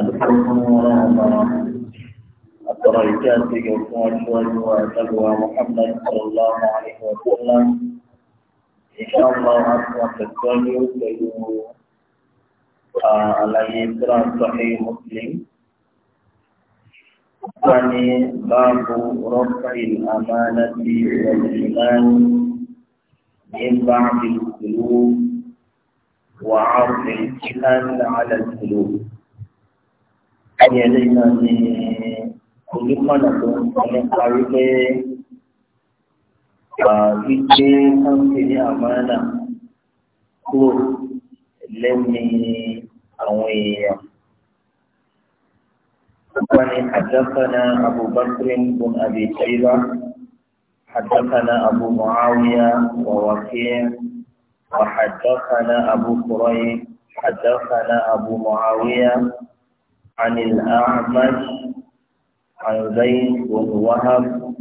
الحكم ولا أمر البركات يكون شوي وأتبوى محمد صلى الله عليه وسلم إن شاء الله أسمع تتوجه كيو على يسرى صحيح مسلم ثاني باب رفع الأمانة والإيمان من بعد القلوب وعرض الكلام على القلوب ní ẹlẹ́yìn náà ní olùkọ́nà tó ń sọ nípa wípé gbígbé kọ́ńtì ní àmọ́nà kúrò lẹ́ni àwọn èèyàn. وعن حدثنا أبو بكر بن أبي شيبة حدثنا أبو معاوية ووكيع وحدثنا أبو كريب حدثنا أبو معاوية عن الأعمش عن زيد بن وهب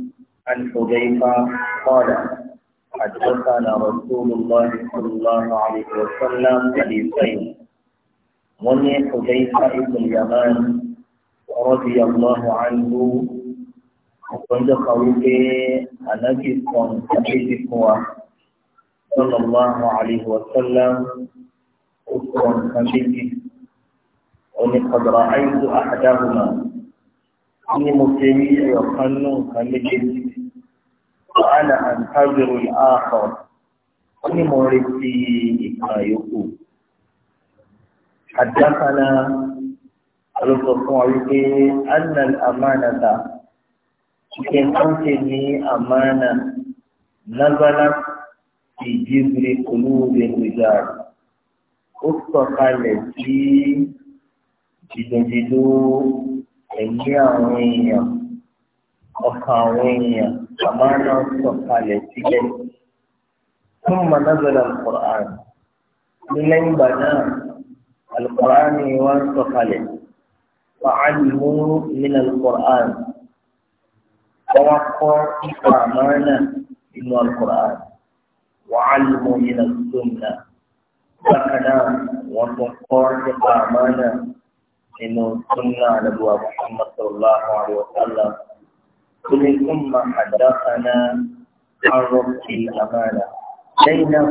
عن حذيفة قال حدثنا رسول الله صلى الله عليه وسلم حديثين ومن حذيفة بن اليمان رضي الله عنه وكنت قولي أنبي صلى الله عليه وسلم أسرا حبيبي òní kọ̀dọ̀rọ̀ àìsù àdáhùnà ní mo ṣe rí ẹ̀yọ̀ kan nù kan méjèèjì wàhálà àǹtàzìrò ààkọ̀ ó ní mo retí ìkan yòókù àdákanà alùpùpù fún wa wípé annal amánata ṣe kàn ṣe ní amánà lágbára ìjíbiri olúwo lè gbèjà ó sọ̀kalẹ̀ sí. dídòdìdò ẹ̀mí àwọn èèyàn ọkàn àwọn èèyàn àmọ́ náà sọ̀kalẹ̀ sílẹ̀ fún sọ kalẹ̀ alukur'an ní lẹ́yìn ìgbà náà alukur'an ni wọ́n sọ̀kalẹ̀ fàcàlìmú nínú alukur'an wọ́n kọ́ ipa àmọ́ náà nínú alukur'an wàcàlìmú nínú sunna bákan náà wọ́n tún kọ́ ipa àmọ́ náà. nínú súnà àdàbùwà Muhammad sallallahu alaihi wa sallam tó ní súnmà àdáhàná arọ́kì àmàlà lẹ́yìn náà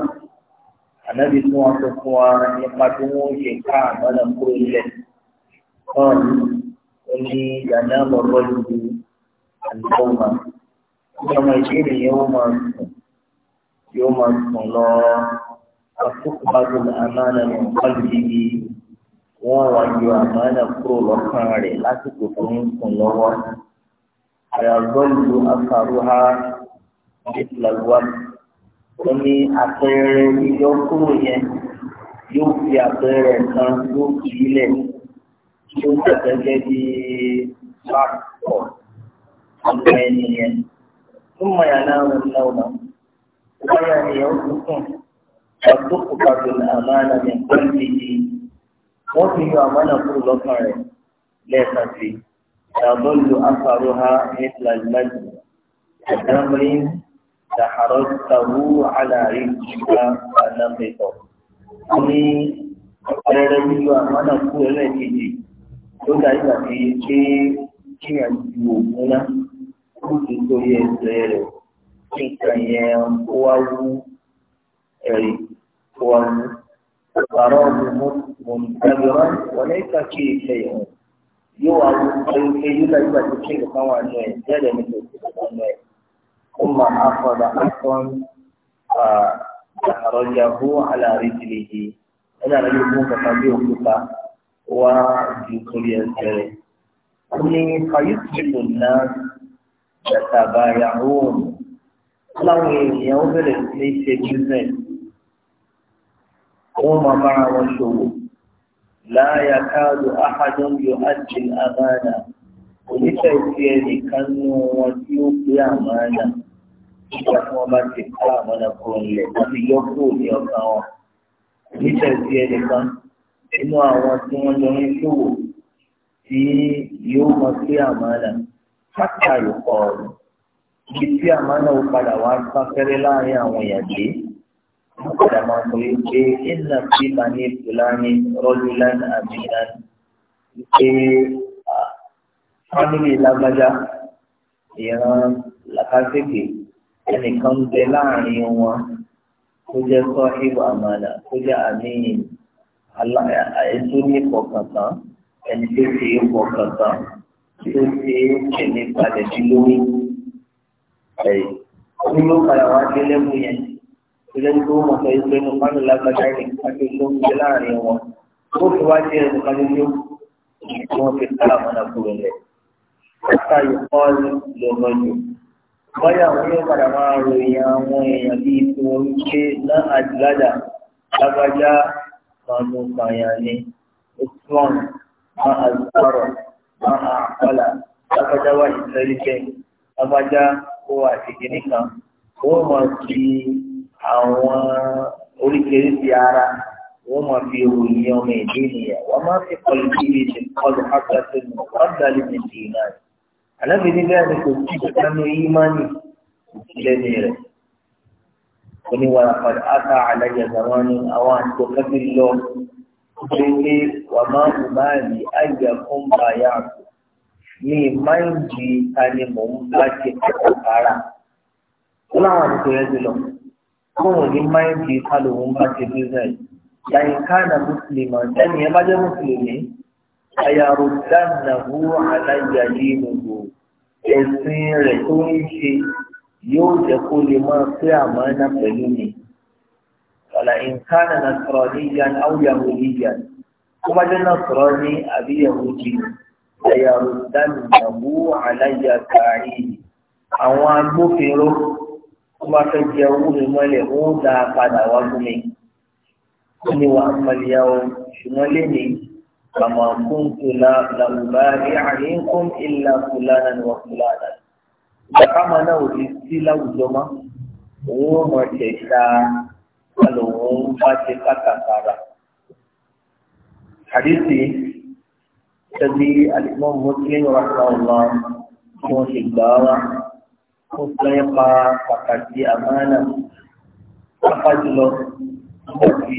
ànábì tí wọ́n sọ fún wa nípa tí wọ́n ṣe ká àmàlà kúrò ilẹ̀ kan ó ní yàrá bọ̀bọ̀ ìlú àlùkọ́mà ní ọmọ ìṣẹ́lẹ̀ yẹn ó máa sùn yóò máa sùn lọ àtúkùbádùn àmàlà ní ọ̀pá yìí wọ́n wá yọ àmàlà kúrò lọ́kàn rẹ̀ lásìkò tó ń kùn lọ́wọ́ àyàgbọ́lù afárúhá ìtìlágbá ó ní àpẹẹrẹ yíyọ kúrò yẹn yóò fi àpẹẹrẹ kan yóò fi ilẹ̀ tí ó tẹ̀sẹ̀ gẹ́gẹ́ bí pápọ̀ ọmọ ẹnìyẹn tó mọ yàrá òun náà wọn wọ́n yà ní ọdún kùn ọdún kùkàdùn àmàlà ní pẹ́ẹ́lí yìí wọ́n ti yọ àmọ́nà kúrò lọ́kàn rẹ̀ lẹ́ẹ̀kan sí i yàgbọ́lù afárúhá nípa lẹ́nu àdámrin dàhàrọ́ tàwú àlàrí ìgbà àdámẹ́tọ̀. ní ọ̀rẹ́rẹ́ yíyọ àmọ́nà kúrò lẹ́ẹ̀kejì ló dá ìgbà tí ṣé kíyàn ju òkun náà kó tó torí ẹsẹ̀ rẹ̀ kí yẹn kó wá wú ẹ̀rí kó wá wú. فراغ منتظرا وليس فيه شيء yóò àwọn ayọkẹyọ láyé bá ti ṣe nǹkan wà ní ẹ jáde nínú ìṣẹ̀lẹ̀ ọmọ ẹ ó mà á fọdà àtọn àrọjàbó alárìjìlì yìí ẹnì àrẹ yóò fún kàkà bí òkúta wá ju torí ẹsẹ̀ rẹ̀ ó ní fàyíṣìlò náà ṣàtàbàyà òun láwọn èèyàn ó bẹ̀rẹ̀ sí ní ṣe bísẹ̀sì wọ́n máa bára wọn ṣòwò láàyà káàdù áhàdùn yóò ájì àmàna oníṣẹ́ ìfi ẹnìkan nú wọn tí ó pé àmàna nígbà tí wọ́n bá ti ká àmàna kúrò nílẹ̀ wọ́n ti yọ kúrò ní ọkàn wọn oníṣẹ́ ìfi ẹnìkan nínú àwọn tí wọ́n jọ ń ṣòwò tí yóò mọ pé àmàna káàkiri ọ̀rọ̀ ibi tí àmàna ó padà wá sáfẹ́rẹ́ láàrin àwọn èèyàn dé. Àmọ́ pé pé iná fi máa ní Fulani Rọ́lúlan Aminan pé fámìlì lágbájá ìran làkàtẹ́kẹ̀ ẹnìkan bẹ láàrin wọn tó jẹ́ sọ́hìbù àmàlà tó jẹ́ àníyàn ètò ní ìfọkàntán ẹni tó ṣe é fọkàntán tó ṣe é tẹ̀lé padà sí lórí. Ẹ̀yìn, ó ló padà wá délé mú yẹn ìjẹ́ tó mọ̀ sọ ìpè ní pánì lágbàdá rẹ̀ àti ìṣòwò jẹ́ láàrin wọn ó fi wá jẹ́ ẹ̀sùn kan nínú tí wọ́n fi ká àmọ́nà kúrò lẹ̀. Ọ̀sà ìkọ́lù lọ́nà jù. Bọ́yá àwọn yóò padà máa ròyìn àwọn èèyàn bíi tí wọ́n ń gbé ná àdìládà lágbàjá kanú kanyàn ni. Ìtúwọ̀n máa àzùkọ̀rọ̀ máa àkọlà lágbàjá wà ìtẹ́lifẹ̀ lágbàjá kó àtìkí nìkan. Ó mọ̀ sí i àwọn oríkèéríkèé ara wọ́n máa fi ròyìn ọmọ ìdí nìyẹn wọ́n máa fi kọlu kí ibi ti kọlu hákàtà ní ọ̀dàlì ní ti náà àlẹ́bí níbẹ̀ ni kò sí ìdánú yìí máa ní ìdílẹ́ni rẹ̀ oníwàrà padà áta àlàyé àwọn ní àwọn àtúntò kẹ́bí lọ pé pé wà máa ń bá rí àyè fún bàyà ní máìndì ta ni mò ń bá ti kẹ́kọ̀ọ́ kára ó láwọn àtúntò yẹn ti lọ kóun ní máìndì kálòun bá ṣe bísíǹsì yàyìn kánà mùsùlùmí ẹni ẹ bá jẹ́ mùsùlùmí àyàrò dánnàwó aláyàlé nìgbò ẹ̀sìn rẹ̀ tó ń ṣe yóò jẹ́ kó lè máa pé àmọ́ná pẹ̀lú mi. Wàlà ìǹkánà nasraniyan aw yahudiyan kó bá jẹ́ nasrani àbí yahudi àyàrò dánnàwó aláyàlé àwọn agbófinró tó bá fẹ́ jẹ owó mi mọ́lẹ̀ ó dá a padà wá fún mi ó ní wàá mọ̀lẹ́yà o ṣùgbọ́n lẹ́nu kàmá kún tó la làwùbárí àríkún ìlà fúlànà ni wà fúlànà. ìjàkámà náà ò ní sí láwùjọ mọ́ òun ò mọ̀ ṣá a lòun bá ṣe kátàkárà. Hadisi tẹ̀lé alimọ́ Muslim rahman Allah tí wọ́n ṣe gbà wá ó fẹ́ pa pàtàkì àmàlà pápá jùlọ nígbà tí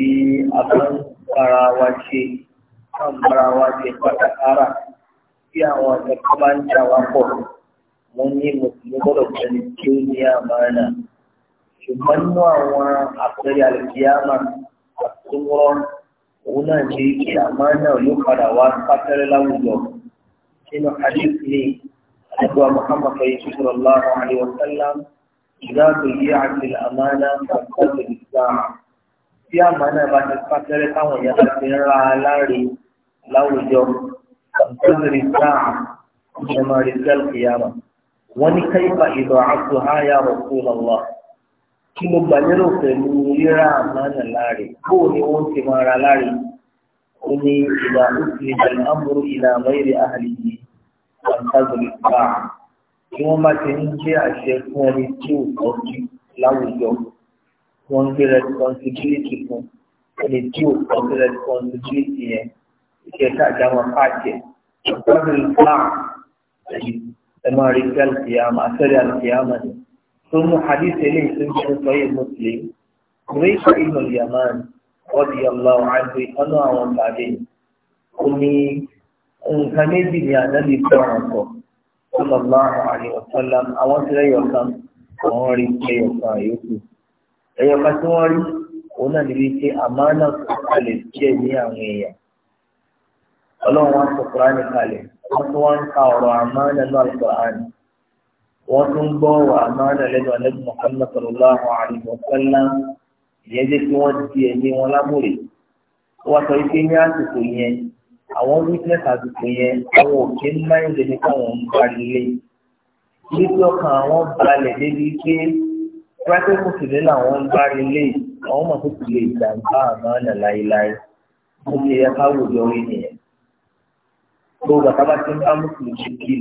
a bá ń bára wa ṣe bá ń bára wa ṣe pátákárà tí àwọn akẹ́kọ̀ọ́ bá ń jà wá pọ̀ wọ́n ní mùsùlùmí gbọ́dọ̀ pẹ̀lú tí ó ní àmàlà ṣùgbọ́n nínú àwọn àpẹẹrẹ àlùkìyàmà àtúwọ́ òun náà ṣe kí àmàlà yóò padà wá pátẹ́rẹ́ láwùjọ nínú àdéhùn أدوى محمد صلى الله عليه وسلم إذا تضيع الأمانة فانتظر الساعة في أمانة بعد الفترة كما على لاري لو جم فانتظر الساعة كما رجل القيامة ونكيف إضاعتها يا رسول الله كم بلرو تنوير أمانة لاري كوني وانتمار لاري كوني إذا أسلم الأمر إلى غير أهله àtàgbèrè bá a tí wọ́n bá ti ń gbé àṣẹ fún ẹni tí ò tọ́jú láwùjọ wọ́n ń gbé responsibility fún ẹni tí ò tọ́jú responsibility yẹn iṣẹ́ káàdá wọn káàjẹ́ àtàgbèrè bá a ẹ máa rí gàlùkìyàmà àtẹ̀rẹ̀ àlùkìyàmà ni. tó mú hadith eléyìí tó ń jẹ́ sọ́yìn muslim Kureysa ibn Yaman radiyallahu anhu ìkànnì àwọn tàbí ó ní nǹkan méjì ni ànábì fẹ́ ọ̀rọ̀ sọ sallallahu alaihi wasallam àwọn tí lẹ́yìn ọ̀kan àwọn rí lẹ́yìn ọ̀kan àyókù ẹ̀yọ̀ kan tí wọ́n rí òun náà níbi tí àmánà kalẹ̀ díẹ̀ ní àwọn èèyàn ọlọ́run wọn sọ kúránì kalẹ̀ wọ́n tún wọ́n ń ka ọ̀rọ̀ àmánà náà Al-Kùránì wọ́n tún gbọ́ ọ̀rọ̀ àmánà lẹ́nu ànábì Muhammad sallallahu alaihi wasallam àwọn witness àdúgbò yẹn àwọn òkè ń máa ń lè ní káwọn ń balẹ̀ níbi ọkàn àwọn balẹ̀ débi pé pẹ́ẹ́tẹ́ mùsùlùmí làwọn ń balẹ̀ lé àwọn mọ̀ tó ti lè jàǹbá àmọ́ ọ̀nà láéláé mo ti yẹ ká wò lórí nìyẹn. gbogbo àtàbà tí ń bá mùsùlùmí kiri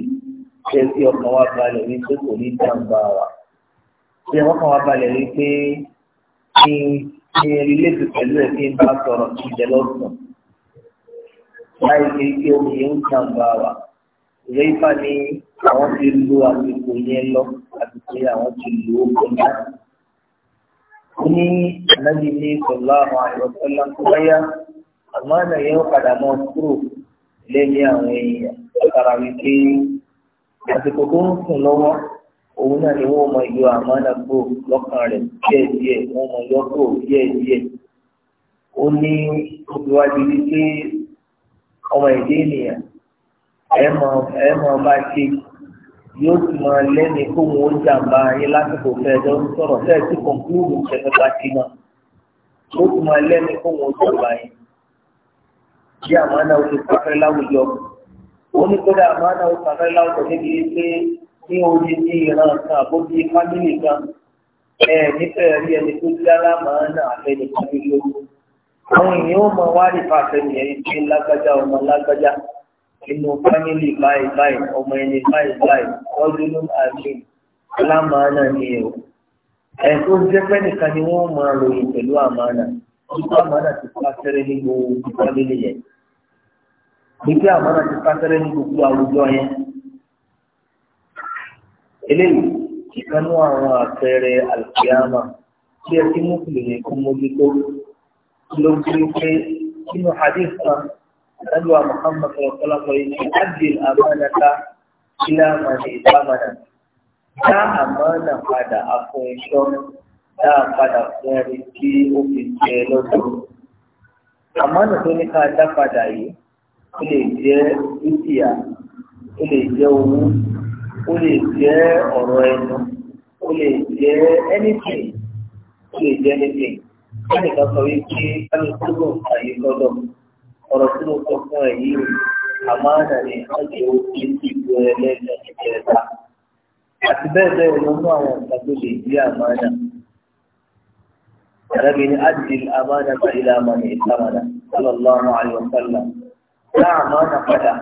ṣe sí ọkàn wa balẹ̀ wípé kò ní jàǹbá wa ṣe ọkàn wa balẹ̀ wípé kí n kí n lè pẹ̀lú ẹ̀ kí n bá sọ̀rọ̀ kí lọ́sàn-án láì pé kí obìnrin ń jàǹbá wa ìrẹ́fà ni àwọn ti lo àsìkò yẹn lọ àti pé àwọn ti lò ó kọjá. ó ní ànábi ní sọ̀lá àwọn àìrọ̀sọ́lá tó báyá àmọ́ àná yẹn ó padà mọ́ kúrò lẹ́ni àwọn èèyàn látara wípé àsìkò tó ń sùn lọ́wọ́ òun náà ni wọ́n mọ ìlú àmọ́nà kúrò lọ́kàn rẹ̀ díẹ̀díẹ̀ wọ́n mọ yọ kúrò díẹ̀díẹ̀ ó ní ó fi wá di wípé ọmọ èdè ènìyàn ẹ máa bá ṣe yóò sì máa lẹ́ni kó wọn ó jàǹbá yín lásìkò fẹ́ẹ́dọ́ ń sọ̀rọ̀ fẹ́ẹ́ sí kọ̀ǹkúrú ṣẹ̀fẹ́ bá ti náà yóò sì máa lẹ́ni kó wọn ó jàǹbá yín. bí àmàna oṣù pàfẹ́ láwùjọ ó ní kódà àmàna oṣù pàfẹ́ láwùjọ níbi pé ní orí ní ìran kan àbójú fámìlì kan ẹ̀ rí ẹni tó jẹ́ alámàánà àfẹnìkan lójú àwọn èèyàn ó mọ wá rí fàṣẹyìn ẹ̀yìn pé lágbájá ọmọ lágbájá inú fámìlì báyìí báyìí ọmọ ẹni báyìí báyìí ọdún ló àgbè lámàánà ni o ẹ̀kọ́ jẹ́pẹ́ nìkan ni wọ́n máa ròyìn pẹ̀lú àmàánà nípa àmàánà ti pàṣẹrẹ ní gbogbo fámìlì yẹn nípa àmàánà ti pàṣẹrẹ ní gbogbo àwùjọ yẹn eléyìí ìkanú àwọn àpẹẹrẹ àlùkìyàmà tí ẹ ti mú kìlìyàn kún mójútó. لوجيكي إنه حديث أدوى محمد صلى الله عليه وسلم أدي الأمانة إلى من ائتمنك dá àmọ́nà padà àfún iṣọ́ dá padà fún ẹni tí ó fi jẹ lọ́dọ̀. àmọ́nà tó ní ká dá padà yìí ó lè jẹ́ dúkìá ó lè jẹ́ owó ó lè jẹ́ ọ̀rọ̀ ẹnu ó lè jẹ́ anything ó lè jẹ́ anything ẹnìkan sọ wípé alùpùpù àyè lọ́dọ̀ ọ̀rọ̀ tí mo sọ fún ẹ yìí àmọ́ àdàlẹ́ ọjọ́ òkè ti gbọ́ ẹlẹ́gbẹ̀ẹ́ ìjẹta àti bẹ́ẹ̀ bẹ́ẹ̀ ló mú àwọn nǹkan tó lè gbé àmàdà arábìnrin adìl àmàdà ìlà àmàdà ìsàmàdà sallallahu alaihi wa sallam dá àmàdà padà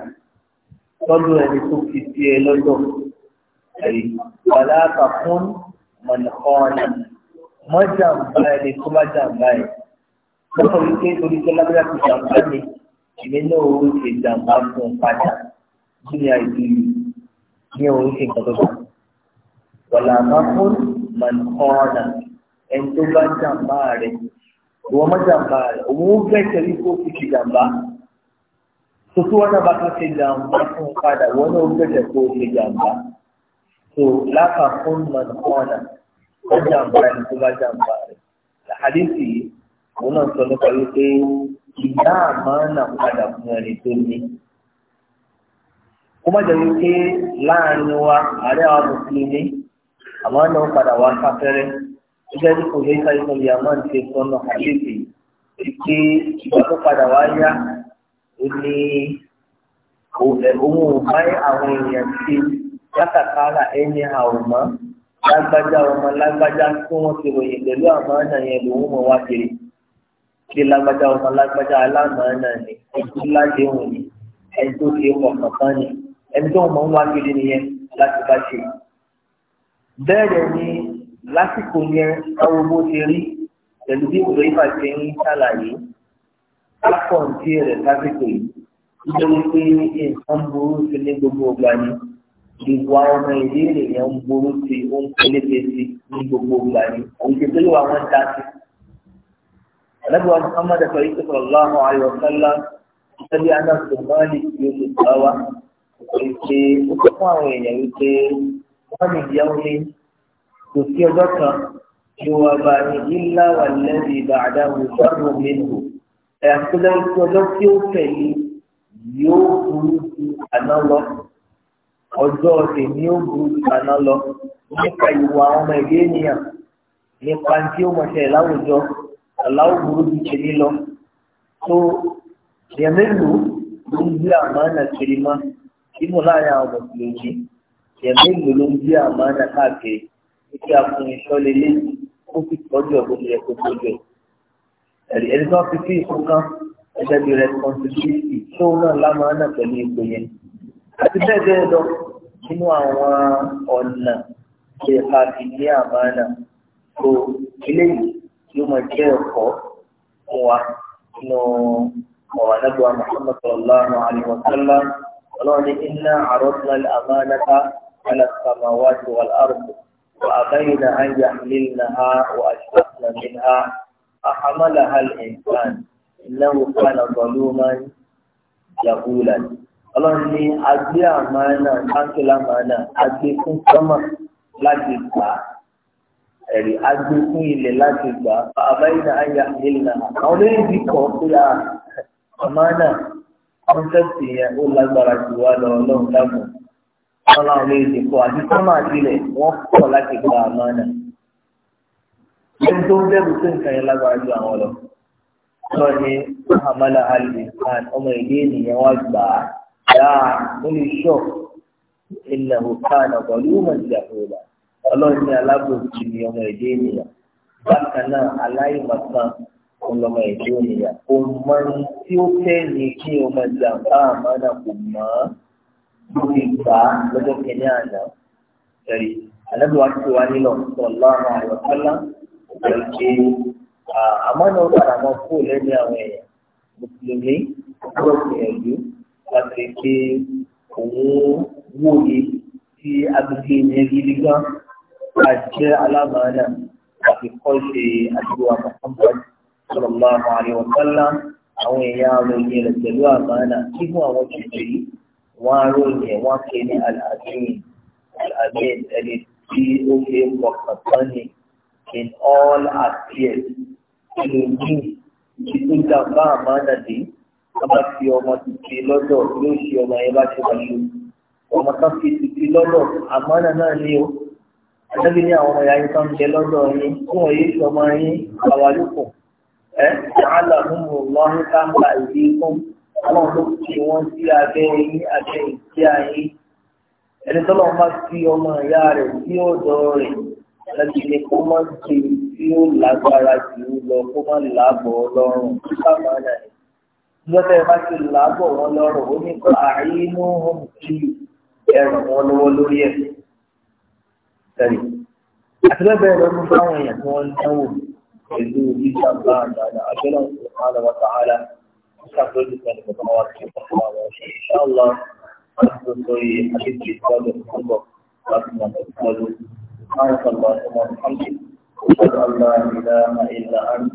lọ́dọ̀ ẹni tó fi sí lọ́dọ̀ ẹ̀rí wàlá kàkún mọ̀nìkọ́ọ̀nà mọ́ jàǹbá ẹni tó bá jàǹbá ẹ̀ lọ́kọ̀ wípé torí pé lábẹ́rẹ́ ti jàǹbá mi èmi náà ó ṣe jàǹbá fún un padà kí ni àìsí ní òun ṣe nǹkan tó bá wàlà àmàfún mànkọ́ọ̀nà ẹni tó bá jàǹbá rẹ̀ ìwọ mọ́ jàǹbá rẹ̀ òun ó fẹ́ tẹ̀lé kó fi ṣe jàǹbá tó tó wọn náà bá tún ṣe jàǹbá fún un padà wọn náà ó fẹ́ tẹ̀ kó ṣe jàǹbá tó láfà fún mànkọ́ọ̀nà ó jàǹbá ẹni tó bá jàǹbá rẹ̀ àdìsí òun náà sọ nípa wípé ìyá àmàna padà fún ẹni tó ní. kó má jẹ́ wípé láàrin wa àárẹ̀ àwọn mùsùlùmí àmàna padà wá sáfẹ́rẹ́ gẹ́gẹ́ bí kò lè ká ìsọ̀ ìyá máa ń ṣe sọ́nà àdìsí wípé ìgbà tó padà wá yá ó ní òun ò bá àwọn èèyàn ṣe látàkárà ẹni àwòmọ́ lágbájá ọmọ lágbájá tí wọ́n ti ròyìn pẹ̀lú àmàna yẹn lòun mọ̀ wá kiri kí lágbájá ọmọ lágbájá alámàna ni ojú ládéhùn ni ẹni tó ti ọkàn kan ni ẹni tó mọ̀ ń wá kiri nìyẹn láti bá ṣe. bẹ́ẹ̀ ni lásìkò yẹn táwọn owó ti rí pẹ̀lú bí òwe ìfà ṣe ń ṣàlàyé lápọ̀ ń tí rẹ̀ lásìkò yìí nítorí pé nǹkan burú ti ní gbogbo ọgbà ni ìwà ọmọ ìdí ènìyàn ń burú sí i ó ń peléke sí i ní gbogbo ìgbà yìí òjò tó lè wà wọn dá sí. alábùwà muhammad akọ̀rí sọ̀rọ̀ lọ́wọ́ ayọ̀ sálá sẹ́bí aná sọ̀mọ́lì tí ó ti gbà wá ìpè ó sọ fún àwọn èèyàn wípé wọ́n ní ìyàwó ní kò sí ọjọ́ kan tí wọ́n bá ní ilá wà lẹ́bi ìbàdàn mùsùlùmí mẹ́nu ẹ̀ àti pé ọjọ́ tèmi ó burú kaná lọ nípa ìwà ọmọ ẹ̀dẹ́ ènìyàn nípa tí ó mọ̀ṣẹ́ láwùjọ aláwọ̀ burú ju tèmi lọ tó èèyàn mélòó ló ń gbé àmánà kiri mọ́ nínú láàrin àwọn mùsùlùmí èèyàn mélòó ló ń gbé àmánà káàkiri títí àfún ìṣọ́lé lẹ́yìn ó fi tọ́jú ọ̀gbọ́n tó yẹ kó tọ́jú ẹ̀ ẹ̀rí ẹni tó fi sí ìfún kan ẹgbẹ́ bíi responsibility àti bẹ́ẹ̀ bẹ́ẹ̀ lọ nínú àwọn ọ̀nà ṣe àfi ní àmàlà tó eléyìí yóò máa jẹ́ ẹ̀kọ́ fún wa nínú ọ̀rọ̀ anábọ̀ Muhammad sallallahu alaihi wa sallam ọlọ́run ní inna àrọ́sílẹ̀ àmàlàta على السماوات والأرض وأبين أن يحملنها وأشفقن منها أحملها الإنسان إنه كان ظلوما جهولا ọlọ́run ní agbé àmàna kánkìlá àmàna agbé fún sọ́mà láti gbà ẹ̀rí agbé fún ilẹ̀ láti gbà àbáyìnà ayà ìlànà àwọn méjì kọ̀ pé a àmàna kọ́ńtẹ́ẹ̀tì yẹn ó lágbára jù wá lọ ọlọ́run dàgbọ̀n wọn làwọn méjì kọ̀ àti sọ́mà àtìlẹ̀ wọ́n kọ̀ láti gbà àmàna ẹni tó ń bẹ̀rù sí nǹkan yẹn lágbára jù àwọn lọ. Sọ ni Hamala Ali ọmọ ìdí ènìyàn wá gbà á dáa ó lè ṣọ ìlànà kan ọ̀pọ̀lú mọ̀ ìjàpọ̀lá ọlọ́run ní alábòjì ní ọmọ èdè ènìyàn bákan náà aláìmọ̀kan ọlọ́mọ èdè ènìyàn kò mọ tí ó fẹ́ ní kí ọmọ ìjàpá àmọ́nà kò mọ̀ ọ́ lórí ìgbà lọ́jọ́ kẹ́ni àná ẹ̀rí alábòwá ti wá nílò sallallahu alaihi wasallam ìgbàlódé àmọ́nà ó padà mọ́ kó lẹ́nu àwọn èèyàn mùsùlùmí ó lọ́ọ́ láti pé òun wòye tí agbègbè yẹn gidi gan àjẹ́ alámàánà àti kọ́ṣe àdúgbò àkọ́kọ́ sallallahu alaihi wa sallam àwọn èèyàn aròyìn rẹ̀ pẹ̀lú àmàánà kí fún àwọn tuntun yìí wọ́n aròyìn wọ́n ké ní al-amin ẹni tí ó fi ń bọ̀ kàtán ni in all affairs ẹlòmíì tí ó dá àmàánà dé wọ́n bá fi ọmọ ti fi lọ́dọ̀ yóò ṣe ọmọ yẹn bá ṣe wáṣọ ọmọ kan fi títí lọ́dọ̀ àmọ́nà náà ni o àtẹ́bí ní àwọn ọmọ yẹn kan jẹ lọ́dọ̀ yín kí wọ́n yé ṣe ọmọ yín àwàlùkù ẹ wàhálà mímu lọ́rùn káńtà ìdí fún àwọn tó fi wọ́n sí abẹ́ yín abẹ́ ìdí ayé ẹni tọ́lọ́ bá fi ọmọ ìyá rẹ̀ sí ọ̀dọ̀ rẹ̀ láti ní kó má ṣe tí ó lágbára jù lọ kó má làbọ̀ ọlọ́run kí ká lọ́tẹ̀ bá ti làágbọ̀ wọn lọ́rọ̀ ó ní kọ́ àìnú hàn kí ẹrù wọn lọ́wọ́ lórí ẹ̀ tẹ̀lé àti lọ́bẹ̀ rẹ̀ mú báwọn èèyàn tí wọ́n ń dánwò pẹ̀lú ìjàmbá àdáadáa abẹ́lẹ̀ subhanahu wa ta'ala ìṣàkóso pẹ̀lú bàbá wa kí wọ́n fún àwọn ọ̀ṣẹ́ ìṣàlọ́ àti sórí àdéjì ìtọ́jú ìtọ́bọ̀ láti mọ̀ ìtọ́jú. سبحانك اللهم وبحمدك أشهد أن لا إله إلا أنت